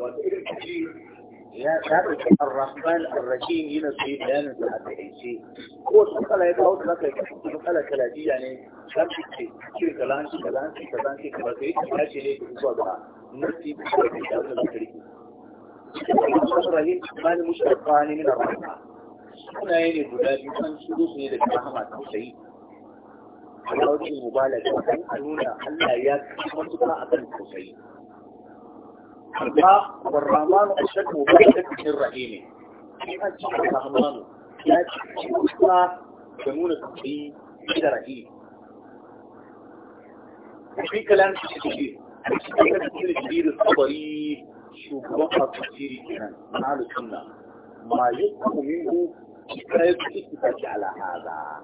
wato irin ya ɗauki arrahman arrahim yana su yi bayanin sa a taƙaice ko su kala ya kawo zaka yi su kala kalabiya ne za su ce ce kalanci kalanci kalanci kalanci ka yi kala ce ne da zuwa ga nasi da ke da wani lantarki arrahim mani mushtaqa ne min arrahman sunaye ne guda biyu an shigo su ne da rahama ta shayi a lokacin mubalaga an nuna Allah ya kuma tuka akan tausayi amma ramanu a shakku ba a cikin ra'ayi ne ramanu ya ci kusa da nuna tsaye da ra'ayi shi kalan shi shi shi da shi da tsabari shugaban hatu jiri kenan na lukin nan ma yi kumin ku kayi kusa da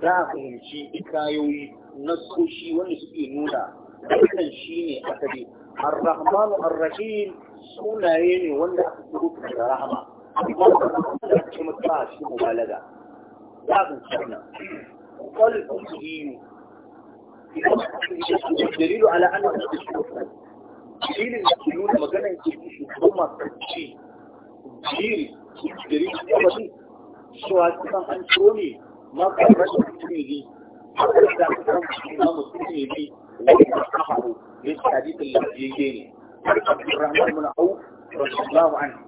za a fahimci kayoyi na soshi wanda suke nuna wannan shi ne a الرحمن الرحيم sunaye ne wanda aka turu da rahama amma da ke mutuwa shi mubalaga ya zuci nan kwal kujiyu dalilu ala an da shi dalilin da ke nuna maganar ke shi kuma kanci jiri dalilin da ba shi kan abdurrahman ibn auf radiyallahu anhu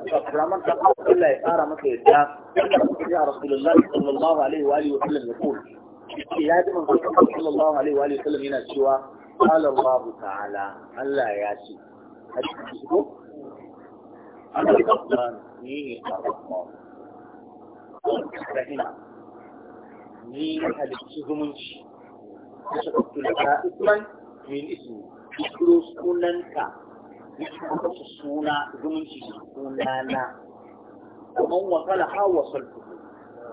abdurrahman ibn auf Allah ya tsara masa yadda ya rasulullah sallallahu alaihi wa alihi wa sallam ya kula ya ji manzo sallallahu alaihi wa alihi wa sallam yana cewa qala Allah ta'ala Allah ya ce hadisi ko Allah ni ne arrahman rahima ni halicci zumunci da su ɗauki da isman min ismi kiro sunanka يحكم السنة ضمن السنة لا ومن وصلها وصلته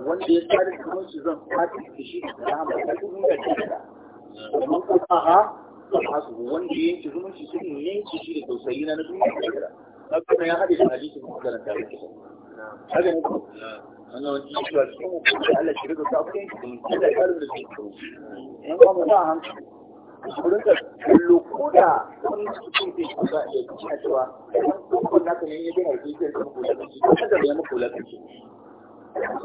wanda ya tsari kamar su zan fati da shi da rama da kudin da kanta kuma kuma ha ta su wanda ya yanke zumunci sun yanke shi da tausayi na nufin da kira haka ya hade da hadisi da kuma da kanta haka ne ko ana wani shi ba su kuma da Allah shi rika ta kuma da karin da su yan ba mu ba hankali su rinka kallo Koda da wani cikin bai ku ba da kuma cewa kuma na kan yi gina ji ke kuma kula kaci kuma da ya muku la kaci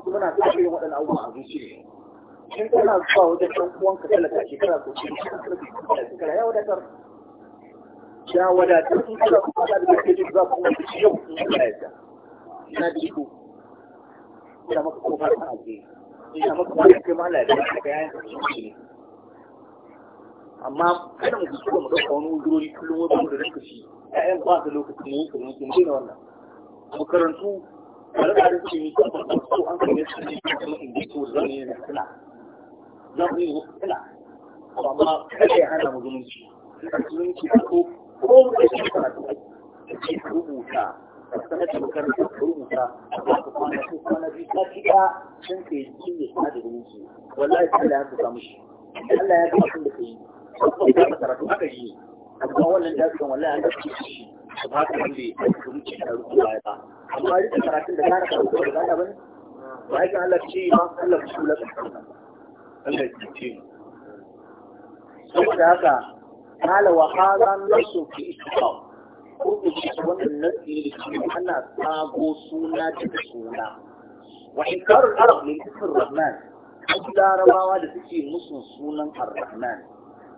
kuma na ta yin waɗannan abubuwa a zuci ne in kana zuwa wajen ɗan uwan ka talaka shekara ko shekara ya wadatar ya wadatar in kana kuma da kake ji za ku wani yau in kana yadda na ji ku ina maka kofar kan ake ina maka kofar kai ma lafiya ka shi ne. amma kada mu kuskura mu dauka wani wuzurori kullum wani da rinka shi ƴaƴan ba da lokacin ne yanka mun kuma daina wannan mu makarantu tare da shi ko an kame ne kuma in ji ko zan yi na kula, za mu yi amma kada ya hana mu zumunci zumunci ko ko mu ɗauki karatu ake rubuta a sanata makarantar ka rubuta za ka kwana ko kwana biyu ka ci ɗaya sun ka yi jini da zumunci wallahi ta da samu shi Allah ya ga abin da ka yi idan ba karatu haka yi amma wannan da kan wallahi an dace shi ba ka dole ka wuce da ruku baya ba amma duka karatun da kana karatu da zaka bane ba ya Allah ce ma Allah shi la ka Allah ya ce saboda haka قال وهذا النص في استقام kurkuce wannan nasi da shi ana tsago suna da suna wa inkarul arab min ismir rahman wasu larabawa da suke musu sunan ar-rahman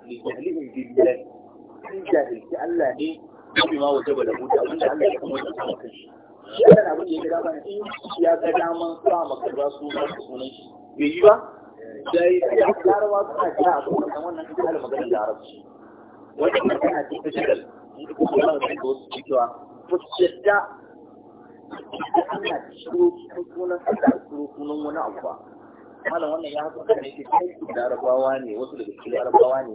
لجهلهم allah إن جاهلت الله لي بما وجب له وأن الله يكون وجب له shi yana abin da ya gada bane in ya ga daman sa maka ba su ba su sunan shi bai yi ba dai ya larawa suna jira a kuma kan wannan ita da maganar larabci wanda kuma tana cikin shigal inda kuma ba su wasu cewa ku shadda ana sunan da ciro sunan wani abu ba malam wannan ya haka ne ke kai larabawa ne wasu daga cikin larabawa ne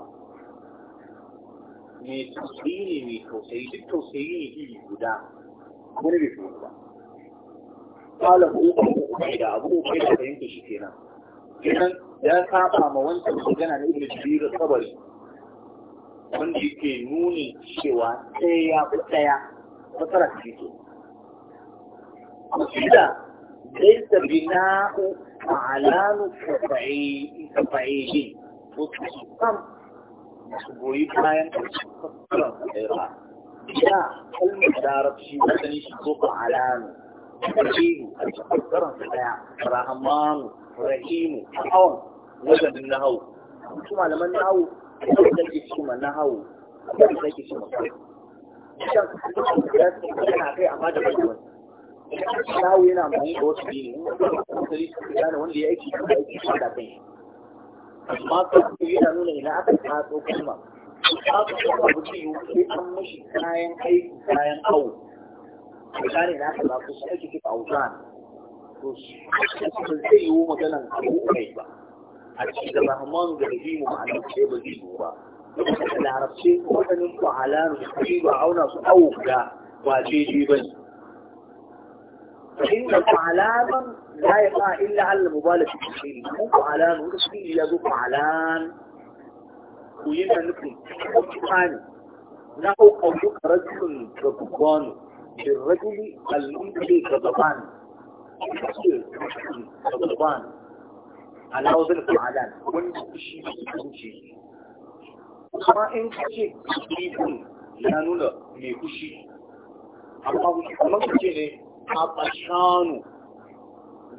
mai tausayi ne mai tausayi duk tausayi ne iri guda wani bai fi ba kala ko ko kai da abu kai da fahimta shi kenan kenan ya saba ma wancan magana na ibnu jibir sabari wanda yake nuni cewa sai ya fi daya fasara ce to kida laysa bina'u alanu kafa'ili kafa'ili ko kam su goyi kayan kuskuren kaɗai Ya ina kalmar larabci na shi ko ba alamu a cikin su ɗaya rahamanu rahimu hawan wajen na hau su malaman na hau su da ke ma na hau su da ke cikin shan yana kai amma da bai shawo yana amfani da wasu biyu wanda ya aiki da aiki da kan amma kan ku yana nuna ina aka tatso kalma babu kuma mutum yi sai an mishi kayan aiki kayan awo misali na aka zafi su ake kifa auzan to su zai yi wa maganan abu kai ba a cikin da rahman da rahimu ma'ana sai ba zai yi ba da larabci waɗannan ku halalu su ba auna su awo guda ba daidai ba ne فإن فعلانا لا يقع إلا على المبالغ في الشيء مو فعلان ورسمي إلا ذو فعلان وينا نفهم ثاني نحو قولك رجل كبقان بالرجل الممتلي كبقان كبقان على وزن فعلان وانت تشي تشي kuma in ka ce ya nuna mai kushi amma kuma ka ce ne عطشان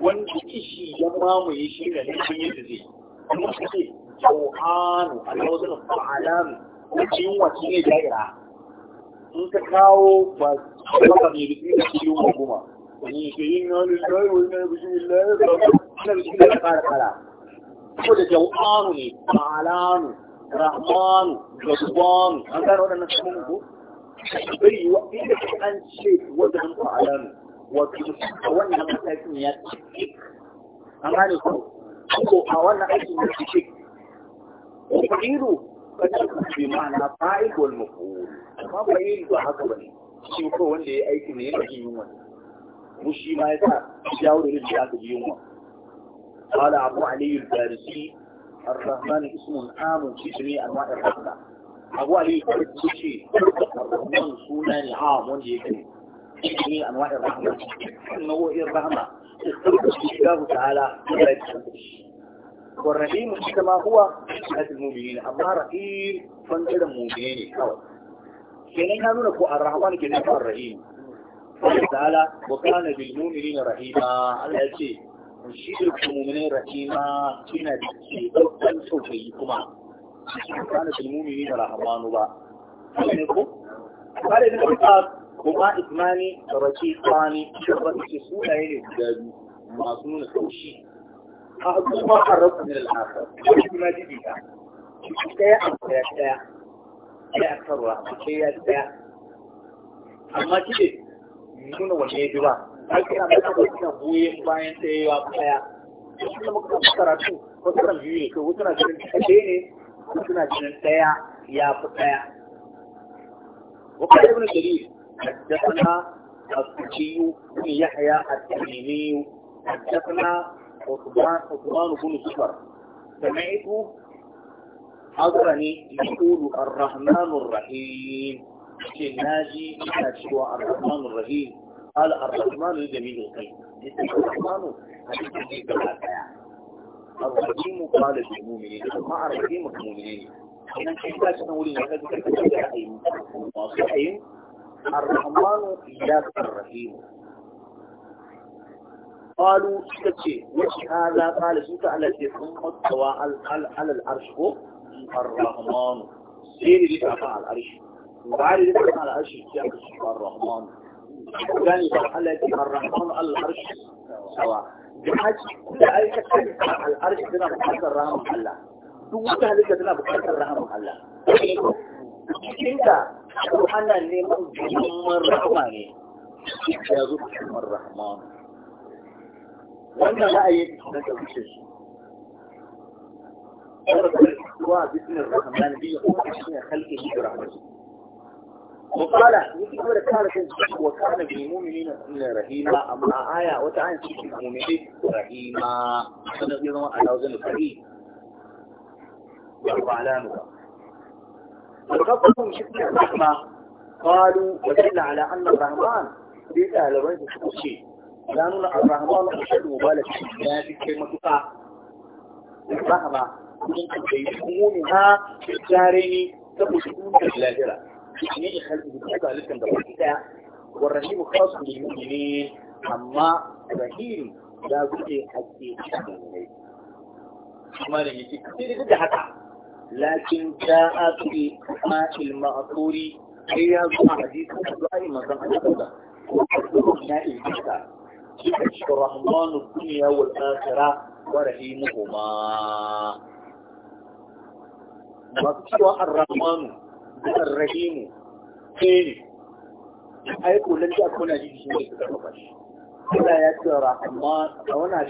wanda kishi ya mamaye shi da nufin yadda zai amma su ce jauhanu alhausa fa'alan wacce yin wace ne jaira in ka kawo ba ba mai rufi da shi yunwa goma wani ke yin na lullahi wani na bishi lullahi da na bishi da kara kara ko da jauhanu ne fa'alanu rahmanu gazubanu an gano waɗannan samun ko bai yi wa inda an ce wajen fa'alanu wato a wannan matakin ya ci an gane ko ko a wannan aikin ya ci cik fa'ilu bi ma'ana fa'il wal maf'ul amma fa'il ba haka ne. shi ko wanda yi aikin ne yana jin yunwa mu shi ma yasa ya wuri da ya ji yunwa قال أبو علي الفارسي الرحمن اسم عام في جميع أنواع الرحمة أبو suna ne a wanda ya وجهه في جميع أنواع الرحمة نوع الرحمة الله تعالى والرحيم كما هو هذا المؤمنين أما رحيم فانتدى المؤمنين كوي كنين هنون أكو الرحمن كنين أكو الرحيم قال تعالى وكان بالمؤمنين رحيما الله يسي وشير المؤمنين رحيما كنا دكي أكتن سوفيكما كان بالمؤمنين رحمان با قال ابن عباس kuma ismani da rake kwani shirba su ce sunaye ne guda masu nuna taushi a kuma a rasa min al'asar wani suna jiji ka shi ɗaya a ɗaya ɗaya ɗaya a karwa a ce ya ɗaya amma shi ne nuna wanne ya ji ba har kira mai kaba suna goye bayan ɗaya ya ɗaya shi kuma kuma karatu wasu kan biyu ne ko wasu na ganin ɗaya ne wasu na ganin ɗaya ya fi ɗaya. Wakil Ibn Jalil حدثنا الكوفي بن يحيى التميمي حدثنا عثمان عثمان بن جبر سمعت حضرني يقول الرحمن الرحيم الناجي هو الرحمن الرحيم قال الرحمن الجميل القيم الرحمن الرحيم قال المؤمنين ما الرحيم المؤمنين إذا كنت أقول لك أن أي الرحمن إياك الرحيم قالوا شكتشي وش هذا قال سوك على ثم استوى على العرش هو الرحمن سيري لك على العرش وعلي لك على العرش الرحمن كان يقول يعني الرحمن على العرش سواء بحاج أي شخص على العرش تنا بحاجة الرحمة الله دوتها لك تنا بحاجة الرحمة الله cikinka ko ana neman jimin rahama ne ya zo cikin rahman wannan ra'ayi na ƙarshe shi وباسم الرحمن به وباسم خلقه برحمته وقال يقول كان وكان بالمؤمنين رحيما اما آية وتعالى في المؤمنين رحيما فنقول على وزن الكريم وعلى نور وقفهم شكل الرحمة قالوا ودل على أن الرحمن بيت أهل الرجل الشيء لأن الرحمن أشد مبالغ في كلمة الرحمة ويكونها في الدارين تبشرون في الآخرة يعني يخلق إيه بكتابة لكم بالرحمة والرحيم خاص بالمؤمنين أما رحيم لا بد حتى يشتغل عليه. ما لم يجد كثير جدا حتى لكن جاء في ماء المأثور هي حديث الله مثلا ماء الجسر جسر الرحمن الدنيا والآخرة ورحيمهما مكتوى الرحمن الرحيم خير إيه؟ أيقول لك أكون أجيب شيء لا يا رحمن أو أنا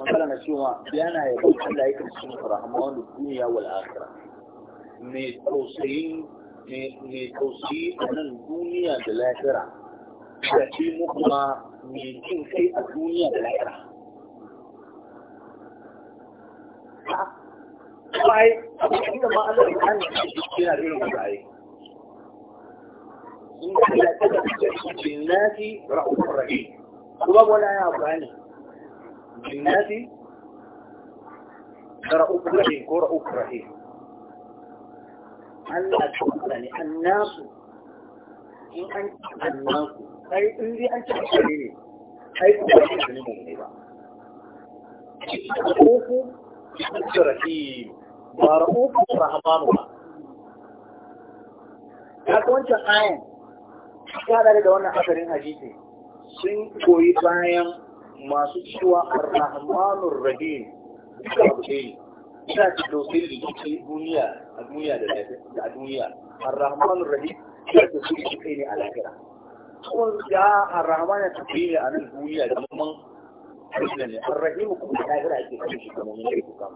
مثلا شو بيانا يقول حلا هيك بسم الرحمن الدنيا والآخرة نتوصي نتوصي أن الدنيا والآخرة تأتي مخمى من كل شيء الدنيا والآخرة طيب، ما أنا بحاجة إلى رجل معي، إن حياتي تجسدي الناس رأوا الرجل، هو ولا يعرفني. بالنادي رؤوف رحيم رؤوف رحيم هلا يعني الناس إن أنت الناس أي إن دي أنت حسنيني أي كنت حسنيني بقى رؤوف رحيم ورؤوف رحمان بقى haka wancan ayan ya da wannan asarin hadisi sun koyi bayan masu cewa ar-rahmanur rahim duka abu ina ci dokin rikici duniya a duniya da a duniya ar rahim ina ci dokin rikici ne a kuma ya ar-rahman ya tafi ne a nan duniya da mamman rikici ne ar kuma da lahira ake kan shi kamar mun yi kuka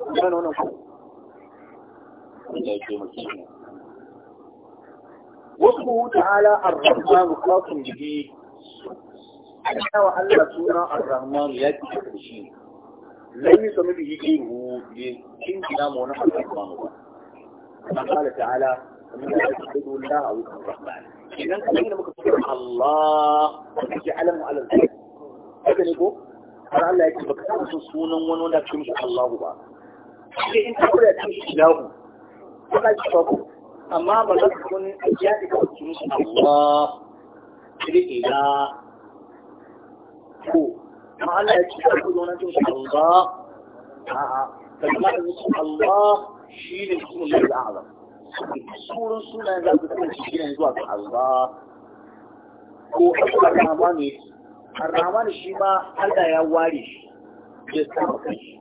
kuma wannan ku Allah ya ce mu kiyaye واسمه تعالى الرحمن wa Allah suna Ar-Rahman ya ci da shi lam yusmi bihi kiru bi kin gina mu na Ar-Rahman Allah ta'ala ta'ala min yasbidu Allah aw Ar-Rahman idan kan da muka ce Allah ji alamu ala zalik haka ne ko har Allah ya ce baka san sunan wani wanda ke mishi Allahu ba sai in ka kula da shi ilahu ko ci ko amma ba za ka kun ya ka ci mishi Allah sai ila ko ma Allah ya ce ka zo na jin Allah a'a kalmar nufin Allah shi ne sunan da azam sunan sunan da azam shi ne zuwa ga Allah ko Ar-Rahman Ar-Rahman shi ma Allah ya ware shi ya saba kai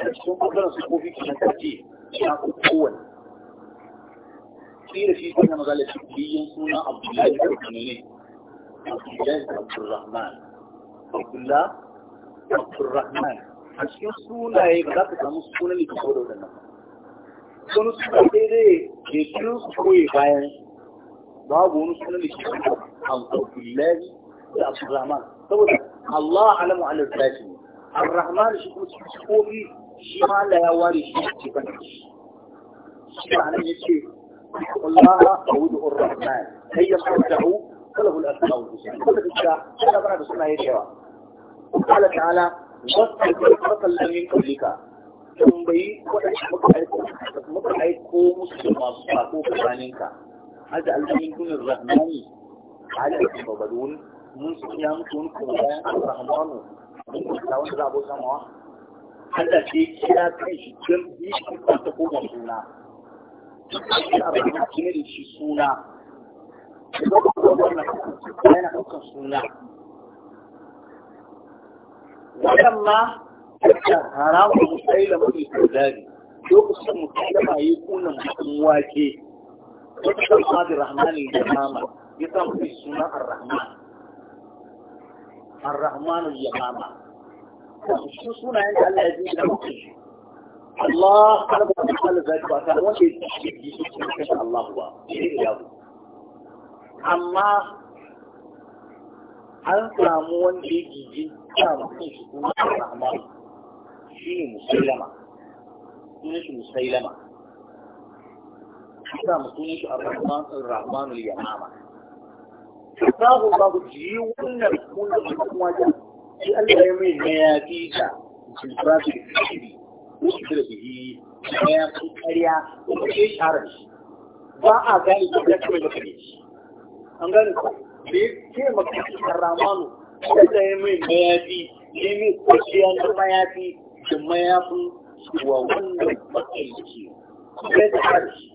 a cikin kokarin su kofi kiran kace ya ku kowane shi da shi sunan magana da shi biyin suna Abdullahi da Abdullahi Abdullahi abdullah abdurrahman a cikin sunaye ba za ka samu sunan da ko da wannan wani suna daidai da kiran su koyi bayan babu wani sunan da ke kuma abdullahi da abdurrahman saboda allah alamu ala zaki الرحمن شي كو Shi شي ما لا يا واري شي شي كان شي معنى يجي الله أعوذ الرحمن هيا صدعوا وله الأسماء الحسنى كل ذكرى أنا بعد سنة يشوى قال تعالى وصل من قبلك tambayi waɗanda muka aiko musu da masu sako tsakaninka hada alhamin dunin rahmani hada da babadun mun su ya mutu wani kuma bayan rahmanu mun kusa wani za a bauta mawa hada kira kan shi don yi shi ko ta suna shi a rahmanu shi da shi suna yana hukun suna wajen ma haramun musaila mai kuzari lokacin musaila yi kunan mutum wake wajen ma da rahmanin da kama ya samu mai suna ar-rahman ar-rahmanul yamama shi sunayen da Allah ya ji da mutum الله سبحانه وتعالى ذات واسع وشيء الله هو amma an samu wanda ya gigi ta mutum shi kuma ta rahman shi ne musailama sunan shi musailama ya mu shi ar-rahman ar-rahman al-yamama Allahu babu ji wannan sunan kuma da shi Allah ya mai na ya fi ta da shi da da ya fi kariya, da ke sharar shi ba a gani da kuma da kuma shi an gane ku da ya ce makashi karamanu da ya mai mayafi ya mai kwaciya mayafi da mayafin wa wannan makaici ya da harshe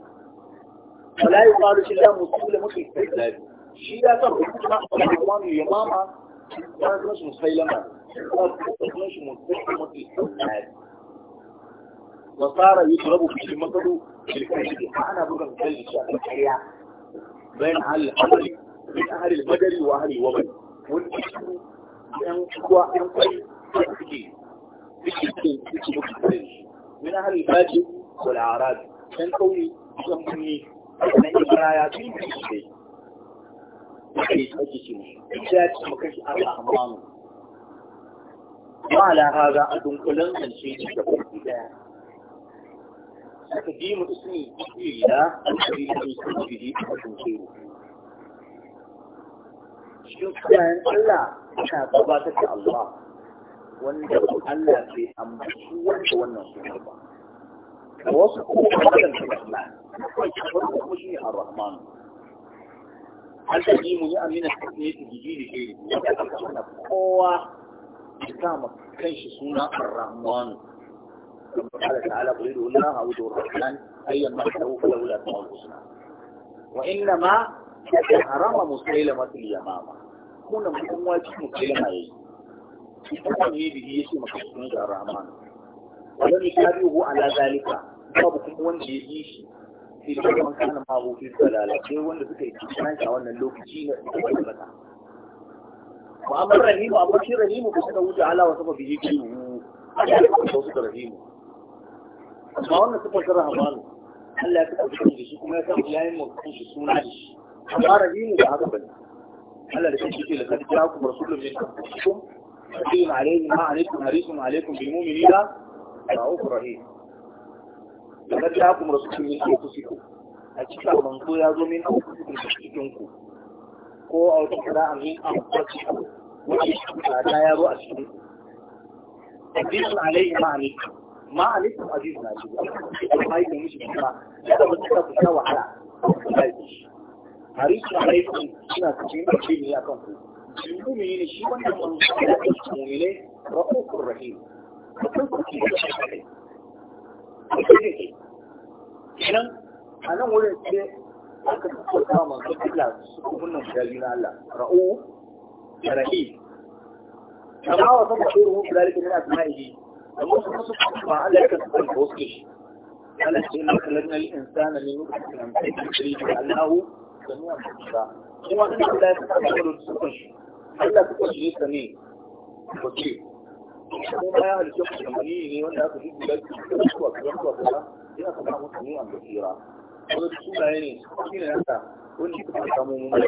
wala faru shi da mutu da muke kai zafi shi ya sa mutu na karamanu ya mama ya zama shi musai lama ya zama shi musai lama وصار يضرب في المطر في الكهف أنا kalli shi a الحياة bayan ahli amali min ahli madari wa ahli wani su yan kuwa yan kwai da suke suke ce suke mutu da shi min ahli baji wal arad yan kauye yan kunni na ibraya sun fi shi ake ake ce mu ya ce mu kashi Allah a dunkulan zance ne da kuma daya تقديم اسم الله الذي يوصف به غيره شكرا الله أنا قباتك الله وأنت الله في امرك وأنت وأنت وصفه مثلا الرحمن وصفه مشيع الرحمن هل تقيم يا أن قوة إقامة كيش سنة الرحمن كما قال تعالى قل الله او ادعوا الرحمن ايا ما ادعوا فله الاسماء الحسنى وانما حرم مسيلمة اليمامة هنا مكان واجب مسيلمة يجي يكون به يشي مكان الرحمن ولم يتابعه على ذلك babu kuma wanda ya yi shi sai da kuma kana ma hofin salala sai wanda suka yi cikin a wannan lokaci na da mata wa amma rahimu amma rahimu ba suka wuce da rahimu amma wannan sifar ta rahamanu Allah ya taɓa cikin da shi kuma ya san ya yi mutum shi suna da shi amma rahimu ba haka ba ne Allah da kanshi ce da kan kira ku rasulun min kankum rasulun alaihi ma alaikum harisun alaikum bil mu'minina ra'uf rahim da kan kira ku rasulun min kankum a cikin manzo ya zo min kankum cikin ku ko a wata kira a min kankum wani shi ta ya zo a cikin ku harisun alaihi ma alaikum ma alaikum aziz na shi amma yake mishi kuma ya da mutum ka fita wahala harisu alaikum suna cikin ce ne akan ku mu'mini ne shi wannan manzo da ke mu'mine rahmatur rahim mutum ku ci da shi kenan a nan wurin sai aka kwata manzo Allah su kunnan shari'a na Allah ra'u rahim kama wa sabbu ruhu dalika min asma'ihi amma da shi da Allahu da mu an tsara kuma Allah ya kasu kan wasu shi Allah ya ne wanda aka da ka samu mu an ne kuka samu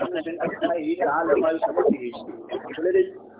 أن من أسمائه تعالى ما يسمى به الذي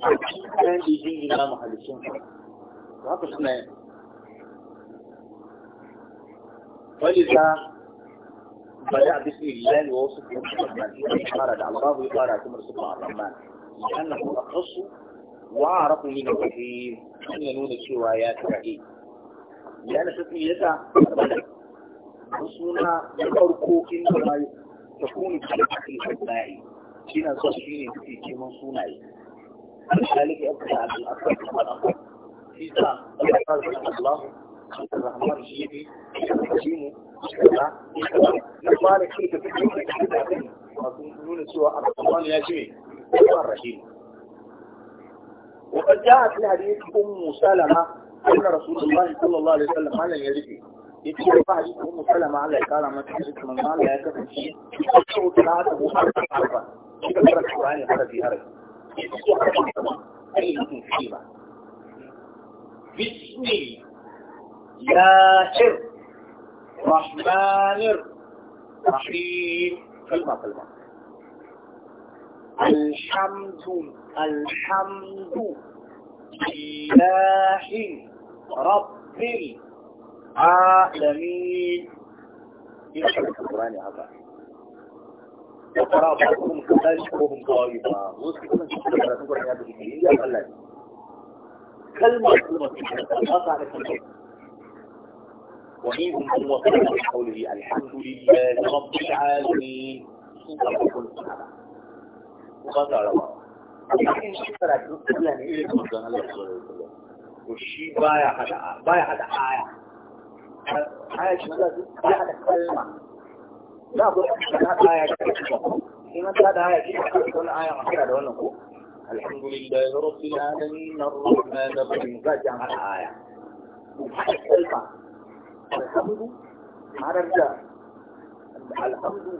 ɗan da zai gina mahalicin ba haka suna yin ولذا بدأ باسم الله ووصف الرحمن قال على الله وقال على رسول الرحمن لأنه أخص وأعرف من الرحيم أن ينون الشوايات الرحيم لأن تسميتها بدأ رسولنا يفرقوا إنما تكون في الحقيقة المائي شنا صحيح في كمان صنعي ذلك يبقى عبد الأكبر في ساعة قال الله الرحمن الشيبي الرحيم كذا كذا نقال كيف تكون سوى الرحمن يا شيخ هو الرحيم وقد جاءت في حديث أم سلمة أن رسول الله صلى الله عليه وسلم على يده يقول حديث أم سلمة على كلام من حديث من قال يا كفن شيء أشعر ثلاثة محرم حرفا كيف ترى القرآن يحرف في حرف بسم يا إر رحمن رحيم كلمة كلمة الحمد الحمد لله رب العالمين إيه القرآن هذا وقرأ بعضهم كذلك وهم طائفة وسكنا سكنا نقول هذا الدين يا الله كلمة كلمة أقع لك ومنهم من وصل من حوله الحمد لله رب العالمين وقال الله لكن شكرا تنقلنا إلى المدن الله صلى الله عليه وسلم والشيء بايع هذا بايع هذا آية آية شمالة بايع هذا كلمة da ku na daya ki ki na da daya ki ki kun aya makira da wannan ku alhamdulillah rabbil alamin arrahman arrahim ga jan aya alfa alhamdu haraja alhamdu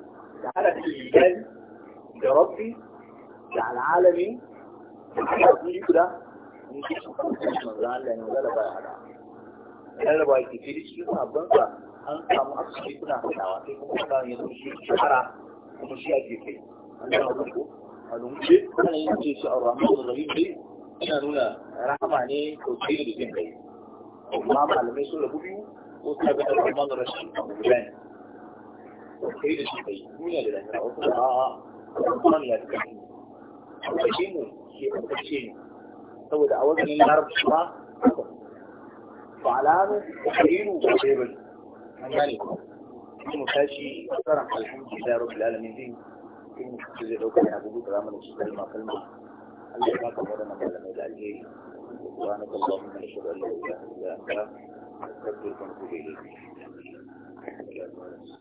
da alati gal da rabbi da alalami da ku ku da ni ki ku ku da Allah ne da Allah ba ya hada Allah ba ki ci ki ku abban sa an samu a cikin suna hadawa sai kuma kuma ya zama shi shahara kuma shi ake kai an zama gudu a lungu ana yin ce shi a rahmanu rahim dai ina nuna rahama ne sosai da jin kai amma malamai sun rabu gudu ko ta ga rahmanu rahim a gudan sosai da jin kai duniya da lahira wasu da a'a rahmanu ya fi kai a shi mu ke ɓarkace ne saboda a wajen larabci ma ba ƙariru ko ko ɗaya an gane ku mu tashi tsaron alhamdulillah rabbil alamin din in ku zai dauka da abu da zamu ci kalma kalma Allah ya baka wannan malamai da alheri wa na kallahu min shirri Allah ya ya ka ka ku ku dai